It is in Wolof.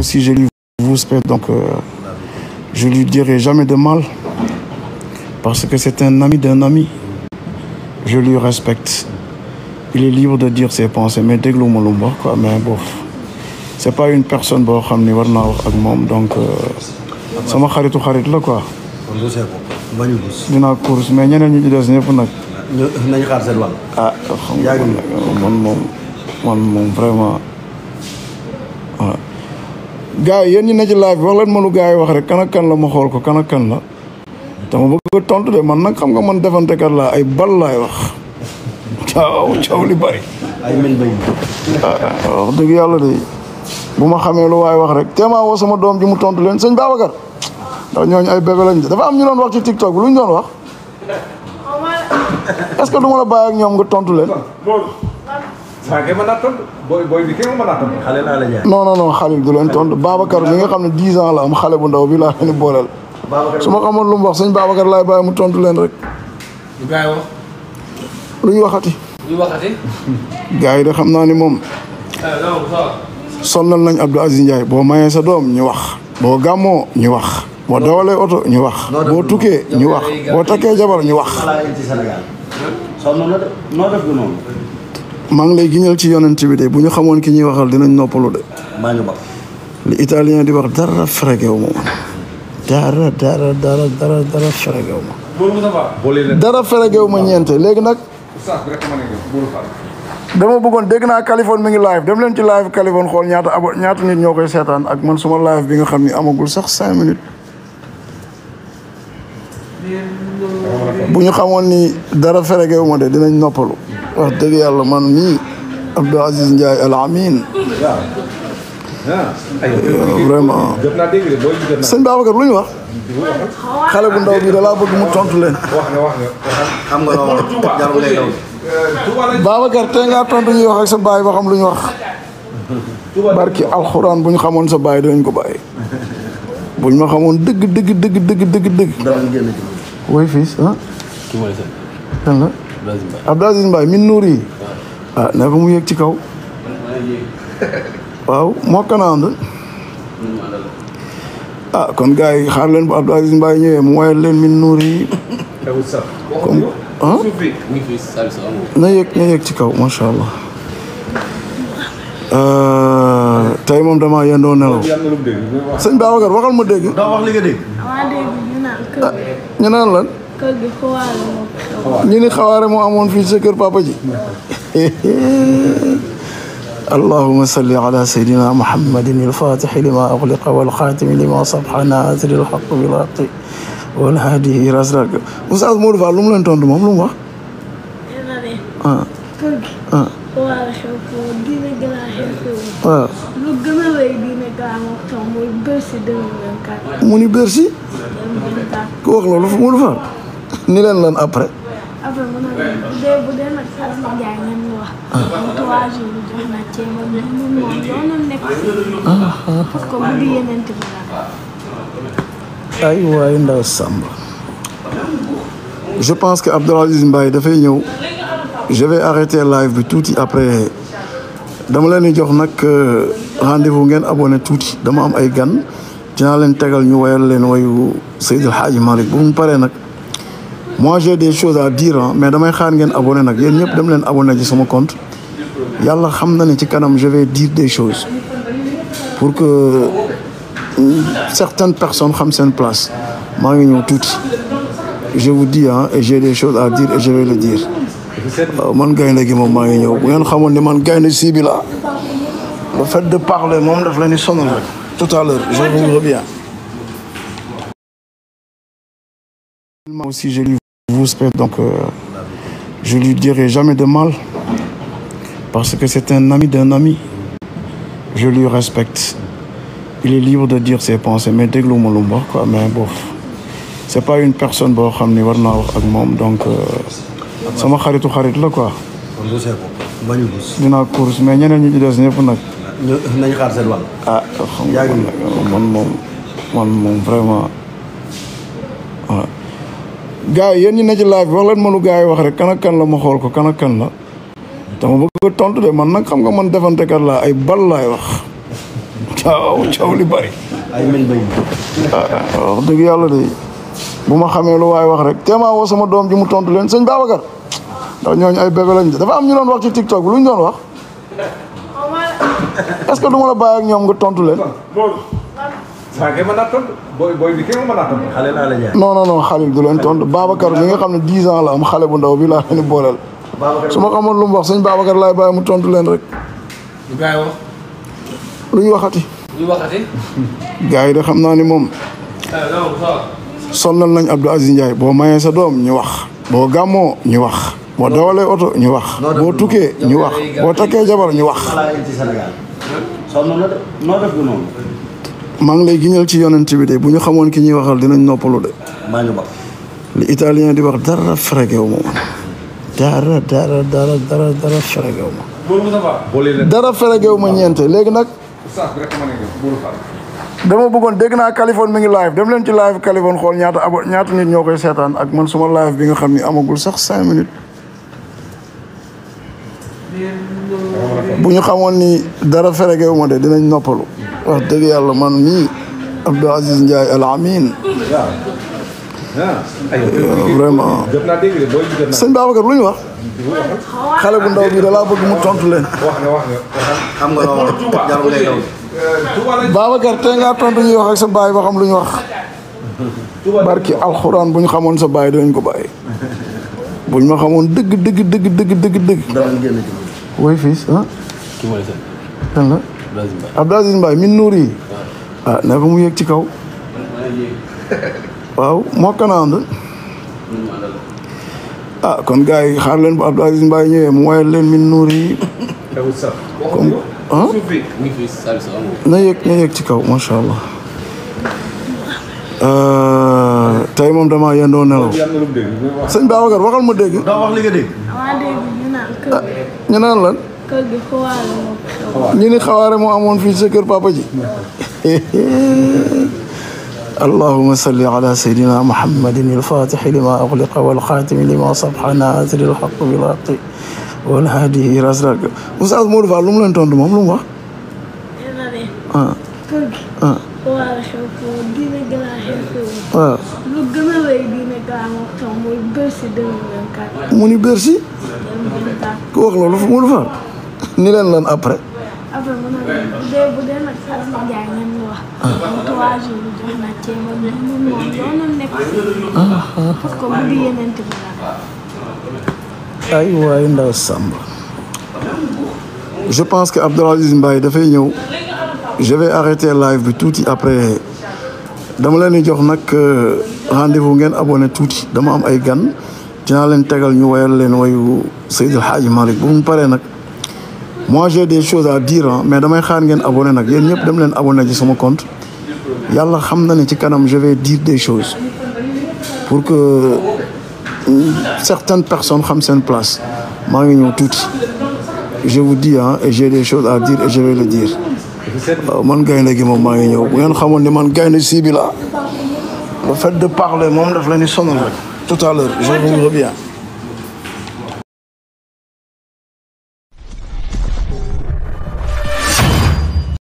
aussi, je lui vous respecte, donc euh, je lui dirai jamais de mal, parce que c'est un ami d'un ami. Je lui respecte. Il est libre de dire ses pensées, mais déglu ma lu mais boof c'est pas une personne boo xam ni war naa wax ak moom donc euh, sama xaritu xarit la quoi. dinaa course mais ñeneen ñi ci des ñëpp nag. nañu xaar ah, vraiment gars yi yéen ñi ne ci live bi wax leen mënu gars yi wax rek kan ak kan la ma xool ko kan ak kan la dama bëgg tontu de man nag xam nga man defantekat laa ay bal laay wax waaw coow li bari ah, wax dëgg yàlla de bu ma xamee lu waay wax rek téemaa sama doom ji mu tontu leen sëñ Babacar ndax ñooñu ay bébé lañ dafa am ñu doon wax ci TikTok bi lu ñu doon wax est-ce que du ma la bàyyi ak ñoom nga tontu leen saa kay mën naa tontu booy booy bi kay non non xale du leen tontu Babacar mi nga xam ne 10 ans la am xale bu ndaw bi laa leen booleel. Babacar su ma xamoon lu mu wax sëñ Babacar laay baa mu tontu leen rek. lu waxati. lu ñu de xam naa ni moom. Eh, sonnal nañ Abdou Aziz Ndiaye boo mayee sa doom ñu wax. boo gàmmoo ñu wax. boo dawalee oto ñu wax. boo tukkee ñu wax boo takkee jabar ñu wax. maa ngi lay giñal ci yonent bi de bu ñu xamoon ki ñuy waxal dinañ noppalu de. maa ngi li italien di wax dara fregew ma dara dara dara dara dara fregew ma. dara ñeente léegi nag. dama bëggoon dégg naa Californie mi ngi live dem leen ci live Californie xool ñaata abo ñaata nit ñoo koy seetaan ak man suma live bi nga xam ni amagul sax cinq minutes. bu ñu xamoon ni dara feregewu ma de dinañ noppalu. wax dëgg yàlla man ni Abdou Aziz Ndiaye Al Amine vraiment sëñ Babacar lu wax xale bu ndaw bi da laa bëgg mu tontu leen xam nga loolu jarul lay daw Babacar tey tontu ñuy wax ak sa baay ba xam lu ñu wax barki alxuraan bu ñu xamoon sa baay dinañ ko bàyyi bu ñu ma xamoon dëgg dëgg dëgg dëgg dëgg dëgg way fiis ah Abdou Aziz Mbaye min nuur yi ah, ne ko mu yëg ci kaw waaw moo kan ànd ah kon gars yi xaar leen bu Abdou Aziz Mbaye ñëwee mu woyal leen min nuur ah? na yëg na yëg ci kaw macha allah ah, tey moom dama yendoo nelaw sëñ Babacar waxal ma dégg. doo wax li naan lan. kër gi xawaare moo ñu ni xawaare moo amoon fii sa kër papa ji allahuma salli ala sayidina muhammadin alfatixi lima axliqa walxaatimi lima sabqa naasiri alxaq bilxaqi walhaadi ila siraatika Oustaz Modou Fall lu mu leen tontu moom lu mu wax eh, ah kër gi xawaare ah. xew foofu diine gën a xew foofu waaw ah. lu gën a rëy diine gën a waxtaan muy Bercy 2024 mu ni Bercy ku wax loolu Modou Fall ni leen lan après. leen bu dee ay waay ndaw Samba. je pense que Abdou Aziz Mbaye dafay ñëw. je vais arrêter live bi tuuti après dama leen di jox nag euh, rendez-vous ngeen abonné tuuti dama am ay gan dinaa leen tegal ñu wayal leen wayu Seydi El Hadji Malick bu mu paree nag. moi j'ai des choses à dire ah mais damay xaar ngeen abonné nag yéen ñëpp dem leen abonné ci sama compte yàlla xam na ci kanam je vais dire des choses pour que euh, certaines personnes xam seen place maa ngi ñëw tuuti je vous dis ah à dire et je vais dire euh, man gaynde gi moom maa ngi ñëw bu ngeen xamoon ne man gaynde sii bi la le fait de parler moom daf leen di sonal rek tout à je vous reviens aussi vous donc euh, je lui dirai jamais de mal parce que c'est un ami d'un ami. Je lui respecte. Il est libre de dire ses pensées mais déglu ma lu mu wax mais boof c'est pas une personne boo xam ni war naa wax ak moom donc euh, sama xaritu xarit la quoi. bañu bus. course mais ñeneen ñi ci des ñëpp nag. nañu xaar seen ah xam nga vraiment waaw. gars yi yéen ñi ne ci live bi wax leen mënu gars yi wax rek kan ak kan la ma xool ko kan ak kan la dama bëgg tontu de man nag xam nga man defantekat laa ay bal laay wax caaw caaw li bari ah, wax dëgg yàlla de bu ma xamee lu waaye wax rek téemaa woo sama doom ji mu tontu leen sëñ Babacar ndax ñooñu ay bébé lañ dafa am ñu doon wax ci TikTok lu ñu doon wax oh, est-ce que du ma la bàyyi ak ñoom nga tontu leen saa ngay mën a tontu booy booy bi nga non non xale du leen tontu Babacar mi xam ne 10 ans la am xale bu ndaw bi laa leen booleel. Babacar su ma xamoon lu mu wax sëñ Babacar laay bàyyi mu tontu leen rek. lu wax. lu ñu waxati. lu de xam naa ni moom. Eh, sonnal nañ Abdou Aziz Ndiaye boo mayee sa doom ñu wax. boo gàmmoo ñu wax. boo dawalee oto ñu wax. boo tukkee ñu wax boo takkee jabar ñu wax. maa ngi lay giñal ci yonent bi bu ñu xamoon ki ñuy waxal dinañ noppalu de. maa li italien di wax dara fregew ma woon dara dara dara dara ma. dara ñeente léegi nag. dama bëggoon dégg naa Kaliphone mi ngi live dem leen ci live Kaliphone xool ñaata abo ñaata nit ñoo koy seetaan ak man suma live bi nga xam ni amagul sax cinq minutes. bu ñu xamoon ni dara feregewu ma de dinañ noppalu. wax dëgg yàlla man mii Abdou Aziz Ndiaye Al Amine vraiment sëñ Babacar lu ñu wax xale bu ndaw bi da laa bëgg mu tontu leen xam nga loolu jarul lay daw Babacar tey ngaa tontu ñuy wax ak sa baay ba xam lu ñu wax barki alxuraan bu ñu xamoon sa baay dinañ ko bàyyi bu ñu ma xamoon dëgg dëgg dëgg dëgg dëgg dëgg way fiis ah kan la Abdou Aziz Mbaye min nuur yi ne ko mu yëg ci kaw waaw moo kan ànd ah, kon gars yi xaar leen bu Abdou Aziz Mbaye ñëwee mu woyal leen min nuur na yëg na yëg ci kaw macha allah euh, tey moom dama yendoo nelaw sëñ Babacar waxal ma dégg. doo wax kër gi xawaare moo xew. ñu ni xawaare moo amoon fii sa kër papa ji. اللهم صل على سيدنا محمد الفاتح لما أغلق والخاتم لما سبق ناصر الحق بالحق والهادي إلى صراطك Oustaz Modou Fall lu mu leen tontu moom lu mu wax. ah. ah. waaw. Ah. lu gën a rëy diine gaa moom tam mooy Bercy 2024. mu ni Bercy. ku wax loolu Modou Fall. ni leen lan après. ay waay ndaw Samba. je pense que Abdou Aziz Mbaye dafay ñëw. je vais arrêter live bi tuuti après dama leen di jox nag euh, rendez-vous ngeen abonné tuuti dama am ay gan dinaa leen tegal ñu wayal leen wayu Seydil Hadji Malick bu mu paree nag. moi j'ai des choses à dire ah mais damay xaar ngeen abonné nag yéen ñëpp dem leen abonné ci sama compte yàlla xam na ne ci kanam je vais dire des choses pour que euh, certaines personnes xam seen place maa ngi ñëw tuuti je vous dis ah et j'ai des choses à dire et je vais le dire waaw euh, man gaynde gi moom maa ngi ñëw bu ngeen xamoon ni man gaynde si bi la le fait de parler moom daf leen di sonal rek tout à l'heure je vous